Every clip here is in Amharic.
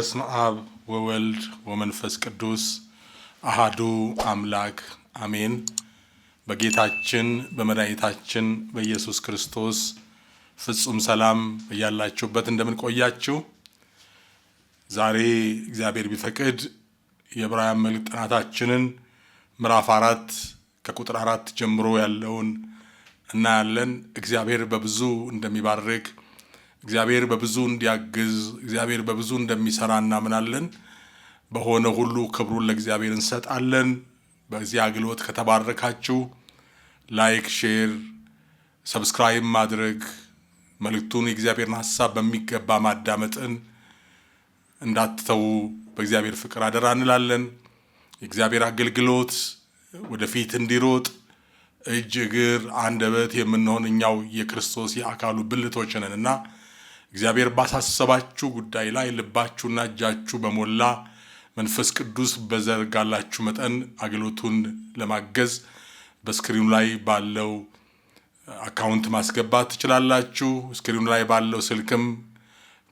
በስመ አብ ወወልድ ወመንፈስ ቅዱስ አሃዱ አምላክ አሜን። በጌታችን በመድኃኒታችን በኢየሱስ ክርስቶስ ፍጹም ሰላም እያላችሁበት እንደምን ቆያችሁ? ዛሬ እግዚአብሔር ቢፈቅድ የዕብራውያን መልእክት ጥናታችንን ምዕራፍ አራት ከቁጥር አራት ጀምሮ ያለውን እናያለን። እግዚአብሔር በብዙ እንደሚባርክ እግዚአብሔር በብዙ እንዲያግዝ እግዚአብሔር በብዙ እንደሚሰራ እናምናለን። በሆነ ሁሉ ክብሩን ለእግዚአብሔር እንሰጣለን። በዚህ አገልግሎት ከተባረካችሁ ላይክ፣ ሼር፣ ሰብስክራይብ ማድረግ መልእክቱን የእግዚአብሔርን ሀሳብ በሚገባ ማዳመጥን እንዳትተዉ በእግዚአብሔር ፍቅር አደራ እንላለን። የእግዚአብሔር አገልግሎት ወደፊት እንዲሮጥ እጅ እግር አንደበት የምንሆን እኛው የክርስቶስ የአካሉ ብልቶች ነን እና እግዚአብሔር ባሳሰባችሁ ጉዳይ ላይ ልባችሁና እጃችሁ በሞላ መንፈስ ቅዱስ በዘርጋላችሁ መጠን አገልግሎቱን ለማገዝ በስክሪኑ ላይ ባለው አካውንት ማስገባት ትችላላችሁ። ስክሪኑ ላይ ባለው ስልክም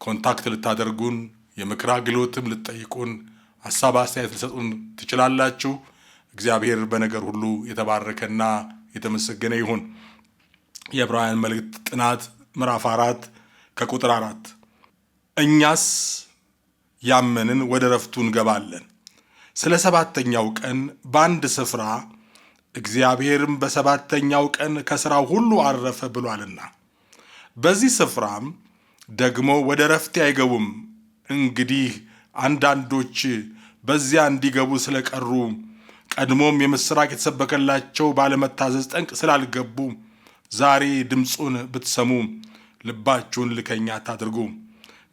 ኮንታክት ልታደርጉን፣ የምክር አገልግሎትም ልትጠይቁን፣ ሀሳብ አስተያየት ልሰጡን ትችላላችሁ። እግዚአብሔር በነገር ሁሉ የተባረከና የተመሰገነ ይሁን። የዕብራውያን መልእክት ጥናት ምዕራፍ አራት ከቁጥር አራት እኛስ ያመንን ወደ ረፍቱ እንገባለን። ስለ ሰባተኛው ቀን በአንድ ስፍራ እግዚአብሔርም በሰባተኛው ቀን ከሥራው ሁሉ አረፈ ብሏልና በዚህ ስፍራም ደግሞ ወደ ረፍቴ አይገቡም። እንግዲህ አንዳንዶች በዚያ እንዲገቡ ስለቀሩ ቀድሞም የምሥራቅ የተሰበከላቸው ባለመታዘዝ ጠንቅ ስላልገቡ ዛሬ ድምፁን ብትሰሙ ልባችሁን ልከኛ አታድርጉ።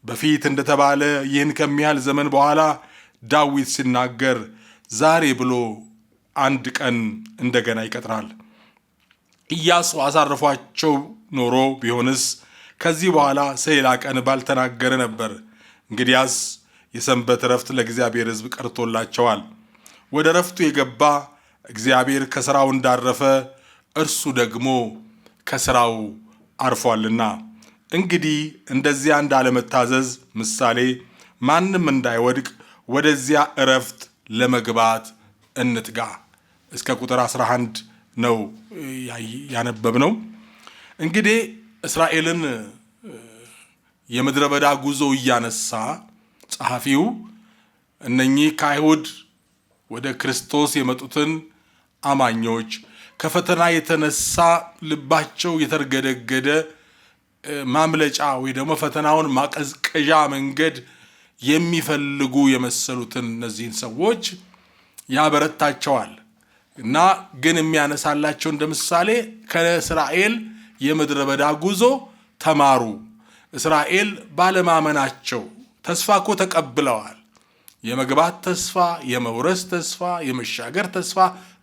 በፊት እንደተባለ ይህን ከሚያህል ዘመን በኋላ ዳዊት ሲናገር ዛሬ ብሎ አንድ ቀን እንደገና ይቀጥራል። ኢያሱ አሳርፏቸው ኖሮ ቢሆንስ ከዚህ በኋላ ሰሌላ ቀን ባልተናገረ ነበር። እንግዲያስ የሰንበት እረፍት ለእግዚአብሔር ሕዝብ ቀርቶላቸዋል። ወደ እረፍቱ የገባ እግዚአብሔር ከሥራው እንዳረፈ እርሱ ደግሞ ከሥራው አርፏልና እንግዲህ እንደዚያ እንዳለመታዘዝ ምሳሌ ማንም እንዳይወድቅ ወደዚያ እረፍት ለመግባት እንትጋ። እስከ ቁጥር 11 ነው ያነበብ ነው። እንግዲህ እስራኤልን የምድረ በዳ ጉዞ እያነሳ ጸሐፊው እነኚህ ከአይሁድ ወደ ክርስቶስ የመጡትን አማኞች ከፈተና የተነሳ ልባቸው የተርገደገደ ማምለጫ ወይ ደግሞ ፈተናውን ማቀዝቀዣ መንገድ የሚፈልጉ የመሰሉትን እነዚህን ሰዎች ያበረታቸዋል እና ግን የሚያነሳላቸው እንደ ምሳሌ ከእስራኤል የምድረ በዳ ጉዞ ተማሩ። እስራኤል ባለማመናቸው ተስፋ እኮ ተቀብለዋል። የመግባት ተስፋ፣ የመውረስ ተስፋ፣ የመሻገር ተስፋ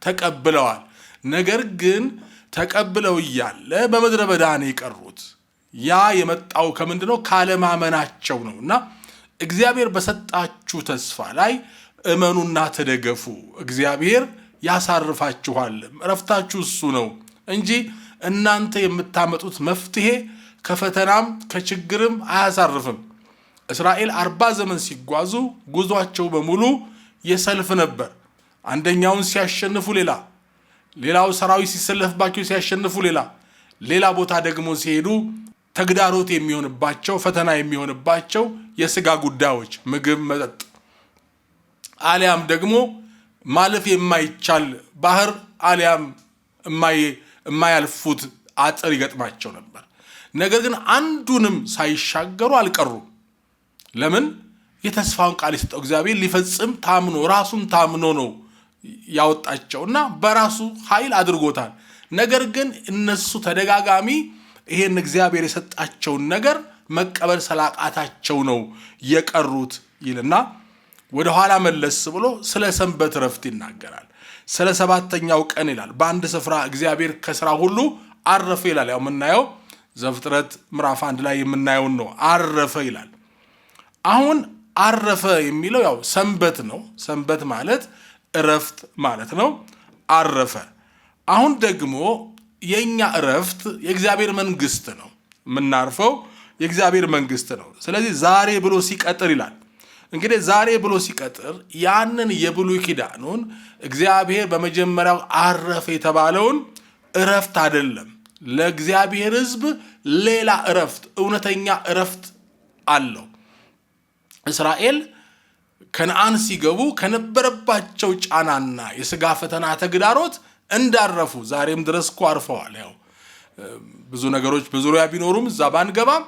ተቀብለዋል። ነገር ግን ተቀብለው እያለ በምድረ በዳ ነው የቀሩት። ያ የመጣው ከምንድ ነው? ካለማመናቸው ነው። እና እግዚአብሔር በሰጣችሁ ተስፋ ላይ እመኑና ተደገፉ። እግዚአብሔር ያሳርፋችኋል። እረፍታችሁ እሱ ነው እንጂ እናንተ የምታመጡት መፍትሄ ከፈተናም ከችግርም አያሳርፍም። እስራኤል አርባ ዘመን ሲጓዙ ጉዟቸው በሙሉ የሰልፍ ነበር። አንደኛውን ሲያሸንፉ ሌላ፣ ሌላው ሰራዊት ሲሰለፍባቸው ሲያሸንፉ ሌላ፣ ሌላ ቦታ ደግሞ ሲሄዱ ተግዳሮት የሚሆንባቸው ፈተና የሚሆንባቸው የስጋ ጉዳዮች ምግብ፣ መጠጥ አሊያም ደግሞ ማለፍ የማይቻል ባህር አሊያም የማያልፉት አጥር ይገጥማቸው ነበር። ነገር ግን አንዱንም ሳይሻገሩ አልቀሩም። ለምን? የተስፋውን ቃል የሰጠው እግዚአብሔር ሊፈጽም ታምኖ ራሱን ታምኖ ነው ያወጣቸው እና በራሱ ኃይል አድርጎታል። ነገር ግን እነሱ ተደጋጋሚ ይህን እግዚአብሔር የሰጣቸውን ነገር መቀበል ስላቃታቸው ነው የቀሩት ይልና ወደኋላ መለስ ብሎ ስለ ሰንበት ረፍት ይናገራል። ስለ ሰባተኛው ቀን ይላል። በአንድ ስፍራ እግዚአብሔር ከስራ ሁሉ አረፈ ይላል። ያው የምናየው ዘፍጥረት ምዕራፍ አንድ ላይ የምናየውን ነው። አረፈ ይላል። አሁን አረፈ የሚለው ያው ሰንበት ነው። ሰንበት ማለት እረፍት ማለት ነው። አረፈ አሁን ደግሞ የእኛ እረፍት የእግዚአብሔር መንግስት ነው። የምናርፈው የእግዚአብሔር መንግስት ነው። ስለዚህ ዛሬ ብሎ ሲቀጥር ይላል። እንግዲህ ዛሬ ብሎ ሲቀጥር ያንን የብሉይ ኪዳኑን እግዚአብሔር በመጀመሪያው አረፈ የተባለውን እረፍት አይደለም። ለእግዚአብሔር ሕዝብ ሌላ እረፍት፣ እውነተኛ እረፍት አለው። እስራኤል ከነአን ሲገቡ ከነበረባቸው ጫናና የስጋ ፈተና ተግዳሮት እንዳረፉ ዛሬም ድረስ እኮ አርፈዋል። ያው ብዙ ነገሮች በዙሪያ ቢኖሩም እዛ ባንገባም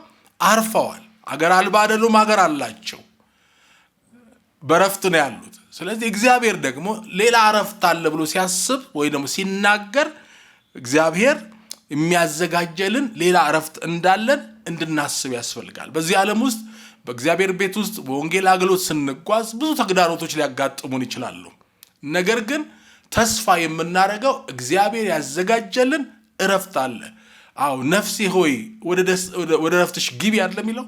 አርፈዋል። አገር አልባ አይደሉም፣ አገር አላቸው። በረፍት ነው ያሉት። ስለዚህ እግዚአብሔር ደግሞ ሌላ እረፍት አለ ብሎ ሲያስብ ወይ ደግሞ ሲናገር እግዚአብሔር የሚያዘጋጀልን ሌላ እረፍት እንዳለን እንድናስብ ያስፈልጋል። በዚህ ዓለም ውስጥ በእግዚአብሔር ቤት ውስጥ በወንጌል አገልግሎት ስንጓዝ ብዙ ተግዳሮቶች ሊያጋጥሙን ይችላሉ። ነገር ግን ተስፋ የምናደርገው እግዚአብሔር ያዘጋጀልን እረፍት አለ። አዎ ነፍሴ ሆይ ወደ እረፍትሽ ግቢ አለ የሚለው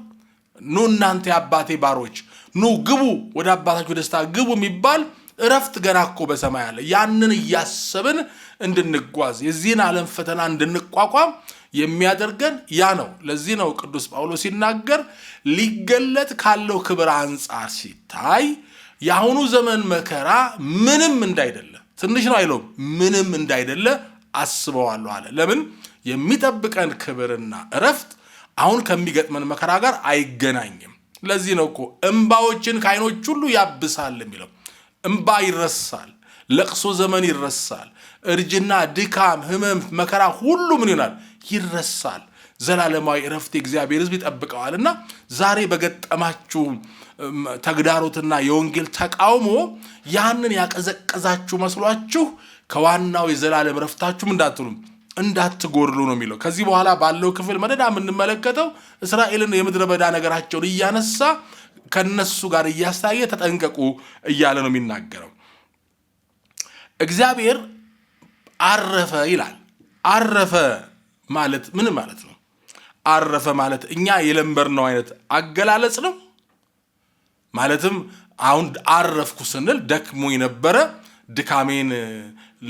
ኑ እናንተ የአባቴ ባሮች ኑ ግቡ፣ ወደ አባታችሁ ደስታ ግቡ የሚባል እረፍት ገና እኮ በሰማይ አለ። ያንን እያሰብን እንድንጓዝ የዚህን ዓለም ፈተና እንድንቋቋም የሚያደርገን ያ ነው። ለዚህ ነው ቅዱስ ጳውሎስ ሲናገር ሊገለጥ ካለው ክብር አንጻር ሲታይ የአሁኑ ዘመን መከራ ምንም እንዳይደለም ትንሽ ነው አይለውም፣ ምንም እንዳይደለ አስበዋለሁ አለ። ለምን የሚጠብቀን ክብርና እረፍት አሁን ከሚገጥመን መከራ ጋር አይገናኝም። ለዚህ ነው እኮ እምባዎችን ከአይኖች ሁሉ ያብሳል የሚለው። እምባ ይረሳል፣ ለቅሶ ዘመን ይረሳል፣ እርጅና፣ ድካም፣ ህመም፣ መከራ ሁሉ ምን ይሆናል? ይረሳል። ዘላለማዊ እረፍት የእግዚአብሔር ይጠብቀዋል። እና ዛሬ በገጠማችሁ ተግዳሮትና የወንጌል ተቃውሞ ያንን ያቀዘቀዛችሁ መስሏችሁ ከዋናው የዘላለም ረፍታችሁም እንዳትሉ እንዳትጎድሉ ነው የሚለው። ከዚህ በኋላ ባለው ክፍል መደዳ የምንመለከተው እስራኤልን የምድረ በዳ ነገራቸውን እያነሳ ከነሱ ጋር እያሳየ ተጠንቀቁ እያለ ነው የሚናገረው። እግዚአብሔር አረፈ ይላል። አረፈ ማለት ምን ማለት ነው? አረፈ ማለት እኛ የለንበር ነው አይነት አገላለጽ ነው ማለትም አሁን አረፍኩ ስንል ደክሞ የነበረ ድካሜን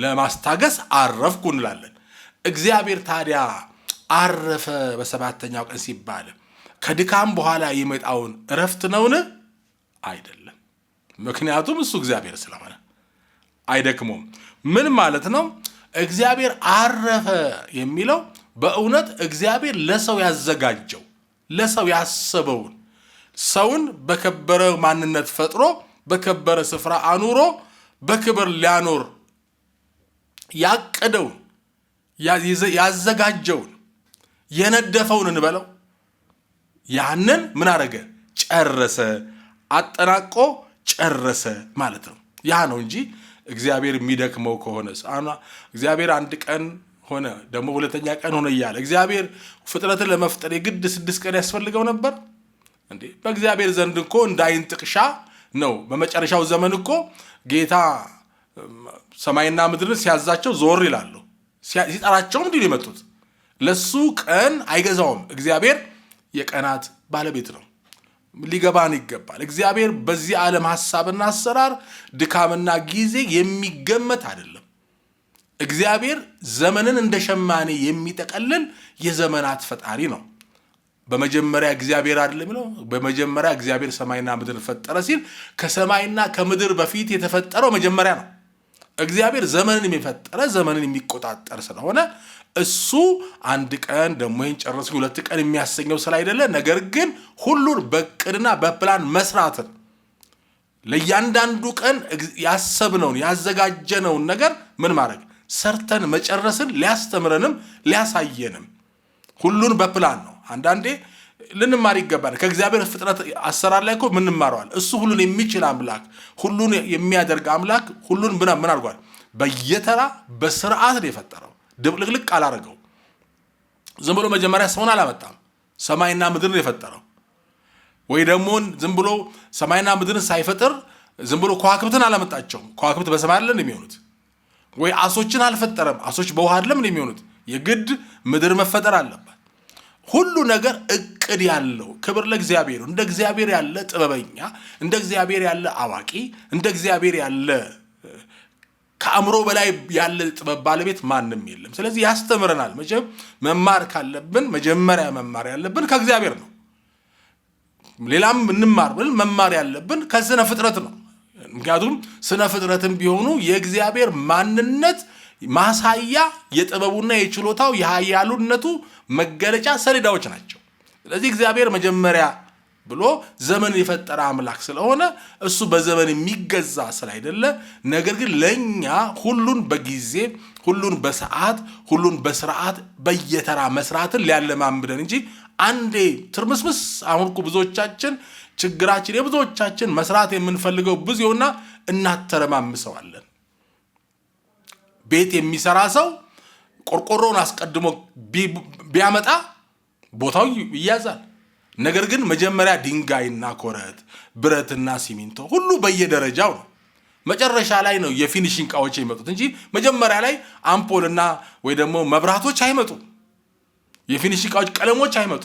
ለማስታገስ አረፍኩ እንላለን። እግዚአብሔር ታዲያ አረፈ በሰባተኛው ቀን ሲባል ከድካም በኋላ የመጣውን እረፍት ነውን? አይደለም። ምክንያቱም እሱ እግዚአብሔር ስለሆነ አይደክሞም። ምን ማለት ነው? እግዚአብሔር አረፈ የሚለው በእውነት እግዚአብሔር ለሰው ያዘጋጀው ለሰው ያሰበውን ሰውን በከበረ ማንነት ፈጥሮ በከበረ ስፍራ አኑሮ በክብር ሊያኖር ያቀደውን ያዘጋጀውን የነደፈውን እንበለው ያንን ምን አረገ? ጨረሰ፣ አጠናቆ ጨረሰ ማለት ነው። ያ ነው እንጂ እግዚአብሔር የሚደክመው ከሆነ እግዚአብሔር አንድ ቀን ሆነ ደግሞ ሁለተኛ ቀን ሆነ እያለ እግዚአብሔር ፍጥረትን ለመፍጠር የግድ ስድስት ቀን ያስፈልገው ነበር? እንዴ በእግዚአብሔር ዘንድ እኮ እንደ ጥቅሻ ነው። በመጨረሻው ዘመን እኮ ጌታ ሰማይና ምድርን ሲያዛቸው ዞር ይላሉ፣ ሲጠራቸውም እንዲህ የመጡት ለሱ ቀን አይገዛውም። እግዚአብሔር የቀናት ባለቤት ነው። ሊገባን ይገባል። እግዚአብሔር በዚህ ዓለም ሀሳብና አሰራር ድካምና ጊዜ የሚገመት አይደለም። እግዚአብሔር ዘመንን እንደ ሸማኔ የሚጠቀልል የዘመናት ፈጣሪ ነው። በመጀመሪያ እግዚአብሔር አይደል የሚለው በመጀመሪያ እግዚአብሔር ሰማይና ምድር ፈጠረ ሲል ከሰማይና ከምድር በፊት የተፈጠረው መጀመሪያ ነው። እግዚአብሔር ዘመንን የፈጠረ ዘመንን የሚቆጣጠር ስለሆነ እሱ አንድ ቀን ደግሞ ይህን ሁለት ቀን የሚያሰኘው ስለ አይደለ፣ ነገር ግን ሁሉን በቅድና በፕላን መስራትን ለእያንዳንዱ ቀን ያሰብነውን ያዘጋጀነውን ነገር ምን ማድረግ ሰርተን መጨረስን ሊያስተምረንም ሊያሳየንም ሁሉን በፕላን ነው አንዳንዴ ልንማር ይገባል። ከእግዚአብሔር ፍጥረት አሰራር ላይ እኮ ምንማረዋል። እሱ ሁሉን የሚችል አምላክ፣ ሁሉን የሚያደርግ አምላክ ሁሉን ምን አድርጓል? በየተራ በስርዓት ነው የፈጠረው። ድብልቅልቅ አላረገው። ዝም ብሎ መጀመሪያ ሰውን አላመጣም። ሰማይና ምድር ነው የፈጠረው። ወይ ደግሞ ዝም ብሎ ሰማይና ምድርን ሳይፈጥር ዝም ብሎ ከዋክብትን አላመጣቸውም። ከዋክብት በሰማይ አይደለም የሚሆኑት። ወይ አሶችን አልፈጠረም። አሶች በውሃ አይደለም የሚሆኑት። የግድ ምድር መፈጠር አለባት። ሁሉ ነገር እቅድ ያለው ክብር ለእግዚአብሔር። እንደ እግዚአብሔር ያለ ጥበበኛ፣ እንደ እግዚአብሔር ያለ አዋቂ፣ እንደ እግዚአብሔር ያለ ከአእምሮ በላይ ያለ ጥበብ ባለቤት ማንም የለም። ስለዚህ ያስተምረናል። መቼም መማር ካለብን መጀመሪያ መማር ያለብን ከእግዚአብሔር ነው። ሌላም እንማር ብል መማር ያለብን ከስነ ፍጥረት ነው። ምክንያቱም ስነ ፍጥረትም ቢሆኑ የእግዚአብሔር ማንነት ማሳያ የጥበቡና የችሎታው የሀያሉነቱ መገለጫ ሰሌዳዎች ናቸው። ስለዚህ እግዚአብሔር መጀመሪያ ብሎ ዘመን የፈጠረ አምላክ ስለሆነ እሱ በዘመን የሚገዛ ስላይደለ፣ ነገር ግን ለእኛ ሁሉን በጊዜ ሁሉን በሰዓት ሁሉን በስርዓት በየተራ መስራትን ሊያለማምደን እንጂ አንዴ ትርምስምስ አሁን እኮ ብዙዎቻችን ችግራችን የብዙዎቻችን መስራት የምንፈልገው ብዙ ይሆንና እናተረማምሰዋለን። ቤት የሚሰራ ሰው ቆርቆሮውን አስቀድሞ ቢያመጣ ቦታው ይያዛል። ነገር ግን መጀመሪያ ድንጋይና ኮረት፣ ብረትና ሲሚንቶ ሁሉ በየደረጃው ነው። መጨረሻ ላይ ነው የፊኒሽንግ እቃዎች የሚመጡት እንጂ መጀመሪያ ላይ አምፖልና ወይ ደግሞ መብራቶች አይመጡ፣ የፊኒሽንግ እቃዎች ቀለሞች አይመጡ።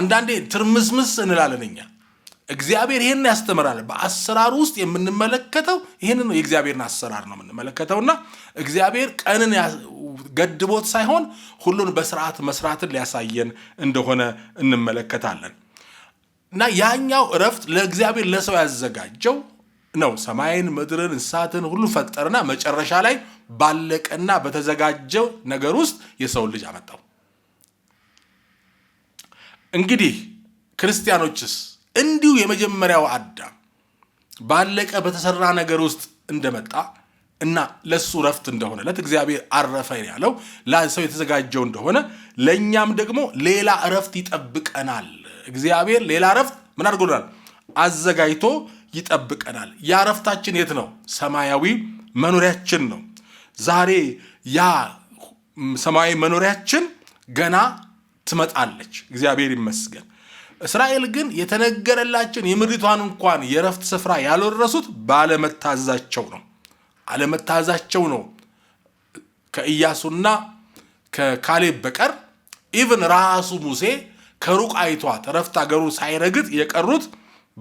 አንዳንዴ ትርምስምስ እንላለንኛ እግዚአብሔር ይህን ያስተምራል። በአሰራር ውስጥ የምንመለከተው ይህንን የእግዚአብሔርን አሰራር ነው የምንመለከተውና እግዚአብሔር ቀንን ገድቦት ሳይሆን ሁሉን በስርዓት መስራትን ሊያሳየን እንደሆነ እንመለከታለን። እና ያኛው እረፍት ለእግዚአብሔር ለሰው ያዘጋጀው ነው። ሰማይን፣ ምድርን፣ እንስሳትን ሁሉ ፈጠርና መጨረሻ ላይ ባለቀና በተዘጋጀው ነገር ውስጥ የሰውን ልጅ አመጣው። እንግዲህ ክርስቲያኖችስ እንዲሁ የመጀመሪያው አዳም ባለቀ በተሰራ ነገር ውስጥ እንደመጣ እና ለሱ ረፍት እንደሆነለት እግዚአብሔር አረፈ ያለው ለሰው የተዘጋጀው እንደሆነ ለእኛም ደግሞ ሌላ እረፍት ይጠብቀናል። እግዚአብሔር ሌላ እረፍት ምን አድርጎናል? አዘጋጅቶ ይጠብቀናል። ያ እረፍታችን የት ነው? ሰማያዊ መኖሪያችን ነው። ዛሬ ያ ሰማያዊ መኖሪያችን ገና ትመጣለች። እግዚአብሔር ይመስገን። እስራኤል ግን የተነገረላቸውን የምድሪቷን እንኳን የረፍት ስፍራ ያልወረሱት ባለመታዘዛቸው ነው። አለመታዘዛቸው ነው። ከኢያሱና ከካሌብ በቀር ኢቭን ራሱ ሙሴ ከሩቅ አይቷት ረፍት አገሩ ሳይረግጥ የቀሩት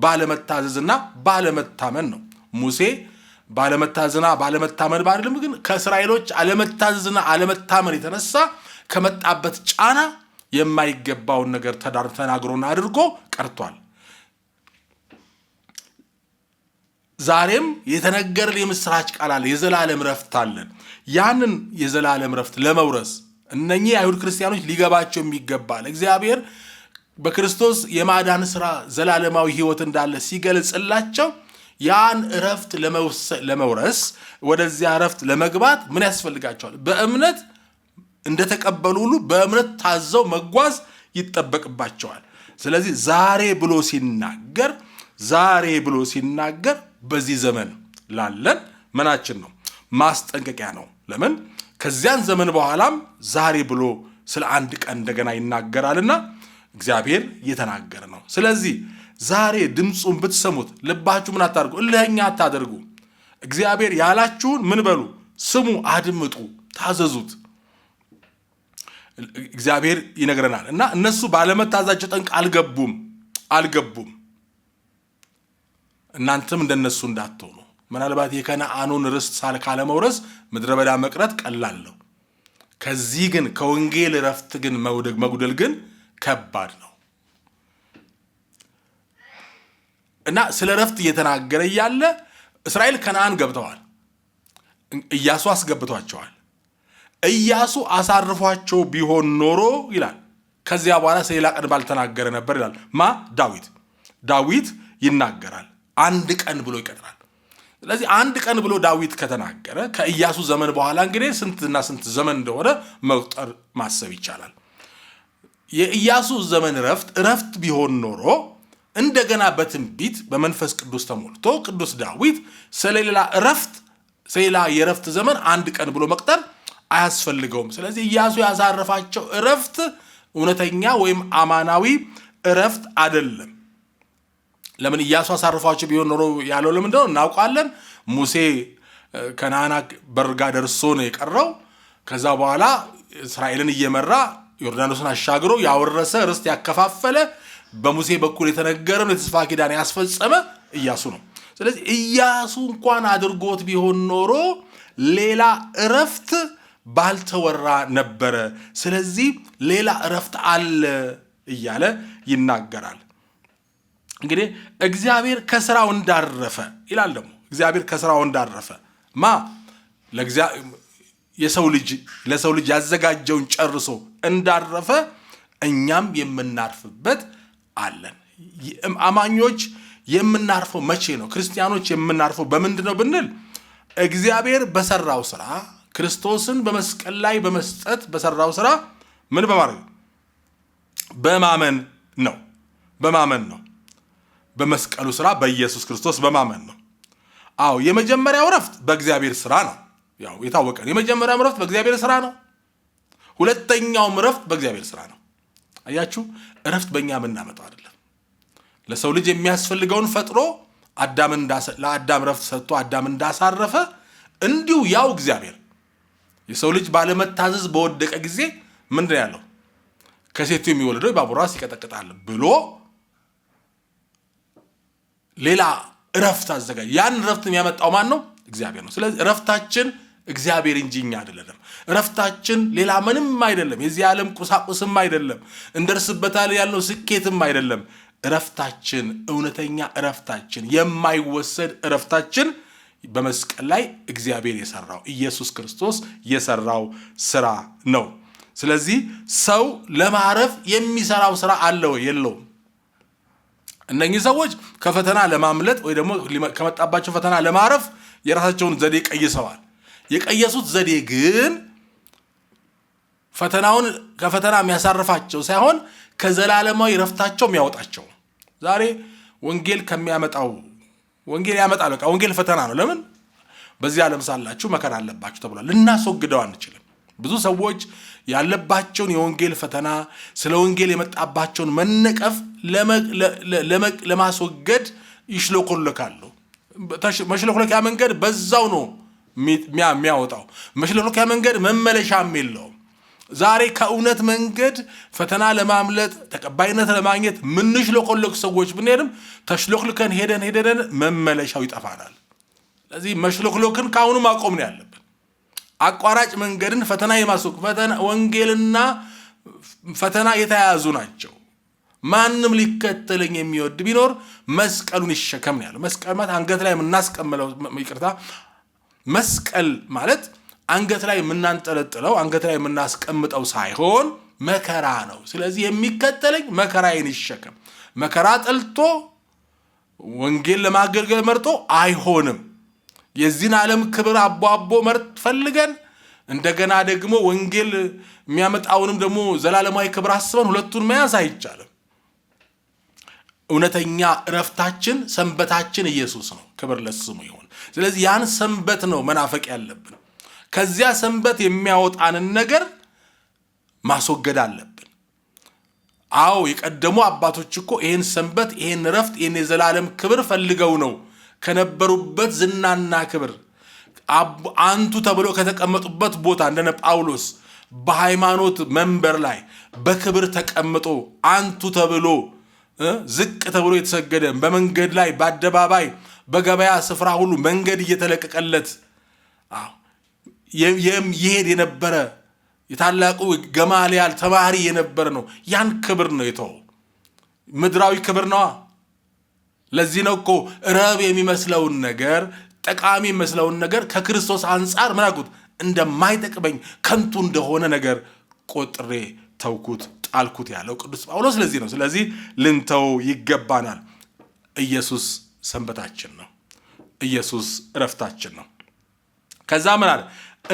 ባለመታዘዝና ባለመታመን ነው። ሙሴ ባለመታዘዝና ባለመታመን ባልልም፣ ግን ከእስራኤሎች አለመታዘዝና አለመታመን የተነሳ ከመጣበት ጫና የማይገባውን ነገር ተናግሮና አድርጎ ቀርቷል። ዛሬም የተነገረን የምስራች ቃል አለ። የዘላለም ረፍት አለን። ያንን የዘላለም ረፍት ለመውረስ እነኚህ አይሁድ ክርስቲያኖች ሊገባቸው የሚገባል እግዚአብሔር በክርስቶስ የማዳን ስራ ዘላለማዊ ሕይወት እንዳለ ሲገልጽላቸው ያን እረፍት ለመውረስ ወደዚያ እረፍት ለመግባት ምን ያስፈልጋቸዋል? በእምነት እንደተቀበሉ ሁሉ በእምነት ታዘው መጓዝ ይጠበቅባቸዋል። ስለዚህ ዛሬ ብሎ ሲናገር ዛሬ ብሎ ሲናገር በዚህ ዘመን ላለን ምናችን ነው ማስጠንቀቂያ ነው። ለምን ከዚያን ዘመን በኋላም ዛሬ ብሎ ስለ አንድ ቀን እንደገና ይናገራልና እግዚአብሔር እየተናገረ ነው። ስለዚህ ዛሬ ድምፁን ብትሰሙት ልባችሁ ምን አታደርጉ? እልህኛ አታደርጉ። እግዚአብሔር ያላችሁን ምን በሉ ስሙ፣ አድምጡ፣ ታዘዙት። እግዚአብሔር ይነግረናል። እና እነሱ ባለመታዛቸው ጠንቅ አልገቡም አልገቡም። እናንተም እንደነሱ እንዳትሆኑ ምናልባት የከነአኑን ርስት ሳል ካለመውረስ ምድረ በዳ መቅረት ቀላል ነው። ከዚህ ግን ከወንጌል እረፍት ግን መጉደል ግን ከባድ ነው እና ስለ እረፍት እየተናገረ እያለ እስራኤል ከነአን ገብተዋል። እያሱ አስገብቷቸዋል። እያሱ አሳርፏቸው ቢሆን ኖሮ ይላል ከዚያ በኋላ ሰሌላ ቀን ባልተናገረ ነበር ይላል ማ ዳዊት ዳዊት ይናገራል አንድ ቀን ብሎ ይቀጥራል ስለዚህ አንድ ቀን ብሎ ዳዊት ከተናገረ ከእያሱ ዘመን በኋላ እንግዲህ ስንትና ስንት ዘመን እንደሆነ መቁጠር ማሰብ ይቻላል የእያሱ ዘመን ረፍት እረፍት ቢሆን ኖሮ እንደገና በትንቢት በመንፈስ ቅዱስ ተሞልቶ ቅዱስ ዳዊት ስለሌላ ረፍት ስለሌላ የእረፍት ዘመን አንድ ቀን ብሎ መቅጠር አያስፈልገውም። ስለዚህ እያሱ ያሳረፋቸው እረፍት እውነተኛ ወይም አማናዊ እረፍት አይደለም። ለምን እያሱ አሳርፏቸው ቢሆን ኖሮ ያለው ለምንድን ነው እናውቃለን። ሙሴ ከናና በርጋ ደርሶ ነው የቀረው። ከዛ በኋላ እስራኤልን እየመራ ዮርዳኖስን አሻግሮ ያወረሰ ርስት ያከፋፈለ በሙሴ በኩል የተነገረ የተስፋ ኪዳን ያስፈጸመ እያሱ ነው። ስለዚህ እያሱ እንኳን አድርጎት ቢሆን ኖሮ ሌላ እረፍት ባልተወራ ነበረ፣ ስለዚህ ሌላ እረፍት አለ እያለ ይናገራል። እንግዲህ እግዚአብሔር ከስራው እንዳረፈ ይላል። ደግሞ እግዚአብሔር ከስራው እንዳረፈ ማ የሰው ልጅ ለሰው ልጅ ያዘጋጀውን ጨርሶ እንዳረፈ እኛም የምናርፍበት አለን። አማኞች የምናርፈው መቼ ነው? ክርስቲያኖች የምናርፈው በምንድን ነው ብንል እግዚአብሔር በሰራው ስራ ክርስቶስን በመስቀል ላይ በመስጠት በሰራው ስራ ምን በማድረግ በማመን ነው። በማመን ነው። በመስቀሉ ስራ በኢየሱስ ክርስቶስ በማመን ነው። አዎ የመጀመሪያው እረፍት በእግዚአብሔር ስራ ነው። ያው የታወቀ ነው። የመጀመሪያው እረፍት በእግዚአብሔር ስራ ነው። ሁለተኛውም እረፍት በእግዚአብሔር ስራ ነው። አያችሁ፣ እረፍት በእኛ የምናመጣው አይደለም። ለሰው ልጅ የሚያስፈልገውን ፈጥሮ ለአዳም እረፍት ሰጥቶ አዳም እንዳሳረፈ እንዲሁ ያው እግዚአብሔር የሰው ልጅ ባለመታዘዝ በወደቀ ጊዜ ምንድን ያለው ከሴቱ የሚወለደው የባቡር ራስ ይቀጠቅጣል ብሎ ሌላ እረፍት አዘጋጅ። ያን እረፍት የሚያመጣው ማን ነው? እግዚአብሔር ነው። ስለዚህ እረፍታችን እግዚአብሔር እንጂ እኛ አይደለም። እረፍታችን ሌላ ምንም አይደለም። የዚህ ዓለም ቁሳቁስም አይደለም። እንደርስበታል ያለው ስኬትም አይደለም። እረፍታችን እውነተኛ እረፍታችን የማይወሰድ እረፍታችን በመስቀል ላይ እግዚአብሔር የሰራው ኢየሱስ ክርስቶስ የሰራው ስራ ነው። ስለዚህ ሰው ለማረፍ የሚሰራው ስራ አለ ወይ? የለውም። እነኚህ ሰዎች ከፈተና ለማምለጥ ወይ ደግሞ ከመጣባቸው ፈተና ለማረፍ የራሳቸውን ዘዴ ቀይሰዋል። የቀየሱት ዘዴ ግን ፈተናውን ከፈተና የሚያሳርፋቸው ሳይሆን ከዘላለማዊ ረፍታቸው የሚያወጣቸው ዛሬ ወንጌል ከሚያመጣው ወንጌል ያመጣል። በቃ ወንጌል ፈተና ነው። ለምን በዚህ ዓለም ሳላችሁ መከራ አለባችሁ ተብሏል። ልናስወግደው አንችልም። ብዙ ሰዎች ያለባቸውን የወንጌል ፈተና ስለ ወንጌል የመጣባቸውን መነቀፍ ለማስወገድ ይሽለኮለካሉ። መሽለኮለኪያ መንገድ በዛው ነው የሚያወጣው። መሽለኮለኪያ መንገድ መመለሻም የለውም። ዛሬ ከእውነት መንገድ ፈተና ለማምለጥ ተቀባይነት ለማግኘት ምንሽ ሰዎች ብንሄድም ተሽሎክልከን ሄደን ሄደን መመለሻው ይጠፋናል። ስለዚህ መሽሎክሎክን ከአሁኑ ማቆም ነው ያለብን። አቋራጭ መንገድን ፈተና የማስወቅ ወንጌልና ፈተና የተያያዙ ናቸው። ማንም ሊከተለኝ የሚወድ ቢኖር መስቀሉን ይሸከም ነው ያለው። መስቀል ማለት አንገት ላይ የምናስቀምለው፣ ይቅርታ መስቀል ማለት አንገት ላይ የምናንጠለጥለው አንገት ላይ የምናስቀምጠው ሳይሆን መከራ ነው። ስለዚህ የሚከተለኝ መከራዬን ይሸከም። መከራ ጠልቶ ወንጌል ለማገልገል መርጦ አይሆንም። የዚህን ዓለም ክብር አቦ አቦ መርጥ ፈልገን እንደገና ደግሞ ወንጌል የሚያመጣውንም ደግሞ ዘላለማዊ ክብር አስበን ሁለቱን መያዝ አይቻልም። እውነተኛ እረፍታችን ሰንበታችን ኢየሱስ ነው። ክብር ለስሙ ይሁን። ስለዚህ ያን ሰንበት ነው መናፈቅ ያለብን። ከዚያ ሰንበት የሚያወጣንን ነገር ማስወገድ አለብን። አዎ የቀደሙ አባቶች እኮ ይህን ሰንበት ይህን ረፍት ይህን የዘላለም ክብር ፈልገው ነው ከነበሩበት ዝናና ክብር አንቱ ተብሎ ከተቀመጡበት ቦታ እንደነ ጳውሎስ በሃይማኖት መንበር ላይ በክብር ተቀምጦ አንቱ ተብሎ ዝቅ ተብሎ የተሰገደ በመንገድ ላይ በአደባባይ በገበያ ስፍራ ሁሉ መንገድ እየተለቀቀለት ይሄድ የነበረ የታላቁ ገማልያል ተማሪ የነበረ ነው። ያን ክብር ነው የተወው። ምድራዊ ክብር ነዋ። ለዚህ ነው እኮ ረብ የሚመስለውን ነገር ጠቃሚ የሚመስለውን ነገር ከክርስቶስ አንጻር ምን እንደማይጠቅመኝ ከንቱ እንደሆነ ነገር ቆጥሬ ተውኩት፣ ጣልኩት ያለው ቅዱስ ጳውሎስ ለዚህ ነው። ስለዚህ ልንተው ይገባናል። ኢየሱስ ሰንበታችን ነው። ኢየሱስ እረፍታችን ነው። ከዛ ምን አለ?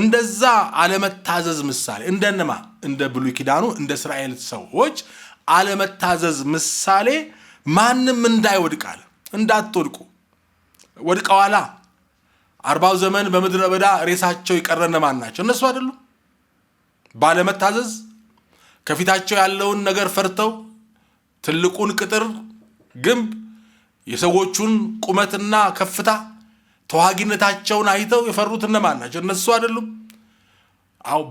እንደዛ አለመታዘዝ ምሳሌ እንደነማ እንደ ብሉይ ኪዳኑ እንደ እስራኤል ሰዎች አለመታዘዝ ምሳሌ ማንም እንዳይወድቅ አለ። እንዳትወድቁ ወድቀዋላ። አርባው ዘመን በምድረ በዳ ሬሳቸው የቀረ እነማን ናቸው? እነሱ አይደሉም? ባለመታዘዝ ከፊታቸው ያለውን ነገር ፈርተው ትልቁን ቅጥር ግንብ የሰዎቹን ቁመትና ከፍታ ተዋጊነታቸውን አይተው የፈሩት እነማን ናቸው? እነሱ አይደሉም? አዎ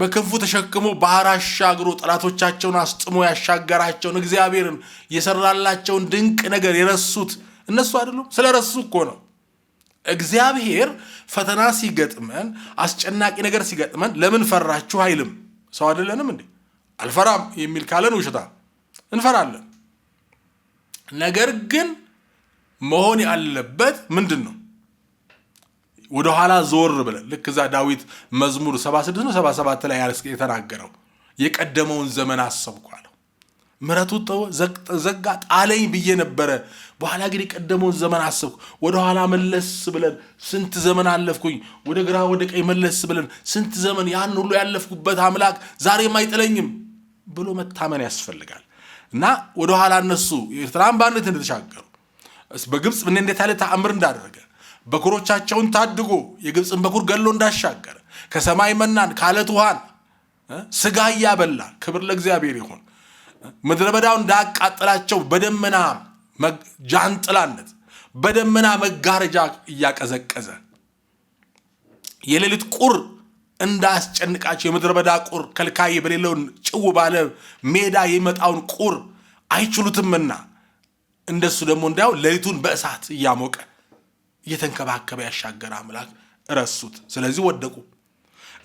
በክንፉ ተሸክሞ ባህር አሻግሮ ጠላቶቻቸውን አስጥሞ ያሻገራቸውን እግዚአብሔርን የሰራላቸውን ድንቅ ነገር የረሱት እነሱ አይደሉም? ስለ ረሱ እኮ ነው። እግዚአብሔር ፈተና ሲገጥመን፣ አስጨናቂ ነገር ሲገጥመን ለምን ፈራችሁ አይልም። ሰው አይደለንም እንዴ? አልፈራም የሚል ካለን ውሸታ፣ እንፈራለን። ነገር ግን መሆን ያለበት ምንድን ነው? ወደኋላ ዞር ብለን ልክ እዛ ዳዊት መዝሙር 76 ነው 77 ላይ የተናገረው የቀደመውን ዘመን አለው። ምረቱ ዘጋ ጣለኝ ብዬ ነበረ። በኋላ ግን የቀደመውን ዘመን አሰብኩ። ወደኋላ መለስ ብለን ስንት ዘመን አለፍኩኝ፣ ወደ ግራ ወደ ቀኝ መለስ ብለን ስንት ዘመን ያን ሁሉ ያለፍኩበት አምላክ ዛሬም አይጥለኝም ብሎ መታመን ያስፈልጋል እና ወደኋላ እነሱ ኤርትራን በአንድነት እንደተሻገሩ በግብፅ ምን እንዴት ያለ ተአምር እንዳደረገ በኩሮቻቸውን ታድጎ የግብፅን በኩር ገሎ እንዳሻገረ ከሰማይ መናን ከአለት ውሃን ስጋ እያበላ ክብር ለእግዚአብሔር ይሁን። ምድረ በዳው እንዳያቃጥላቸው በደመና ጃንጥላነት በደመና መጋረጃ እያቀዘቀዘ የሌሊት ቁር እንዳስጨንቃቸው የምድረ በዳ ቁር ከልካይ በሌለውን ጭው ባለ ሜዳ የሚመጣውን ቁር አይችሉትምና እንደሱ ደግሞ እንዳው ሌሊቱን በእሳት እያሞቀ እየተንከባከበ ያሻገረ አምላክ ረሱት። ስለዚህ ወደቁ።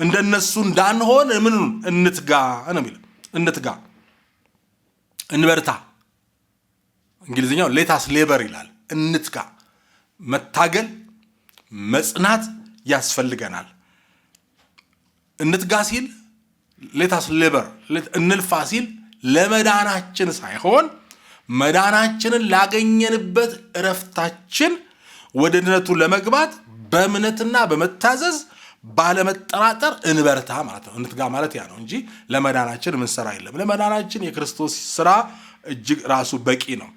እንደነሱ እንዳንሆን ምን እንትጋ ነው የሚለው፣ እንትጋ፣ እንበርታ። እንግሊዝኛው ሌታስ ሌበር ይላል። እንትጋ፣ መታገል፣ መጽናት ያስፈልገናል። እንትጋ ሲል ሌታስ ሌበር፣ እንልፋ ሲል ለመዳናችን ሳይሆን መዳናችንን ላገኘንበት እረፍታችን ወደ ድነቱ ለመግባት በእምነትና በመታዘዝ ባለመጠራጠር እንበርታ ማለት ነው። እንትጋ ማለት ያ ነው እንጂ ለመዳናችን ምንሰራ የለም። ለመዳናችን የክርስቶስ ስራ እጅግ ራሱ በቂ ነው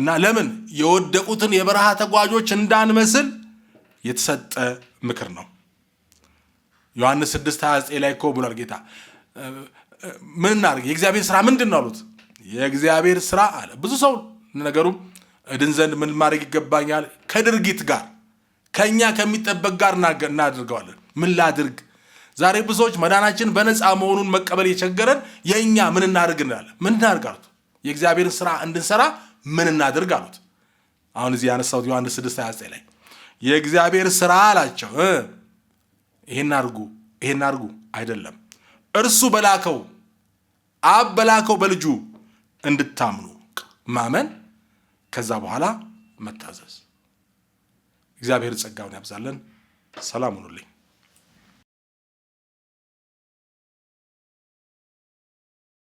እና ለምን የወደቁትን የበረሃ ተጓዦች እንዳንመስል የተሰጠ ምክር ነው። ዮሐንስ 6 29 ላይ እኮ ብሏል ጌታ ምን እናድርግ የእግዚአብሔር ስራ ምንድን ነው አሉት። የእግዚአብሔር ስራ አለ። ብዙ ሰው ነገሩ እድን ዘንድ ምን ማድረግ ይገባኛል? ከድርጊት ጋር ከእኛ ከሚጠበቅ ጋር እናድርገዋለን። ምን ላድርግ? ዛሬ ሰዎች መዳናችን በነፃ መሆኑን መቀበል የቸገረን የእኛ ምን እናድርግ እንላለን። ምን እናድርግ አሉት። የእግዚአብሔርን ስራ እንድንሰራ ምን እናድርግ አሉት። አሁን እዚህ ያነሳሁት ዮሐንስ 6 29 ላይ የእግዚአብሔር ስራ አላቸው። ይሄን አድርጉ ይሄን አድርጉ አይደለም፣ እርሱ በላከው አብ በላከው በልጁ እንድታምኑ ማመን፣ ከዛ በኋላ መታዘዝ። እግዚአብሔር ጸጋውን ያብዛለን። ሰላም ሁኑልኝ።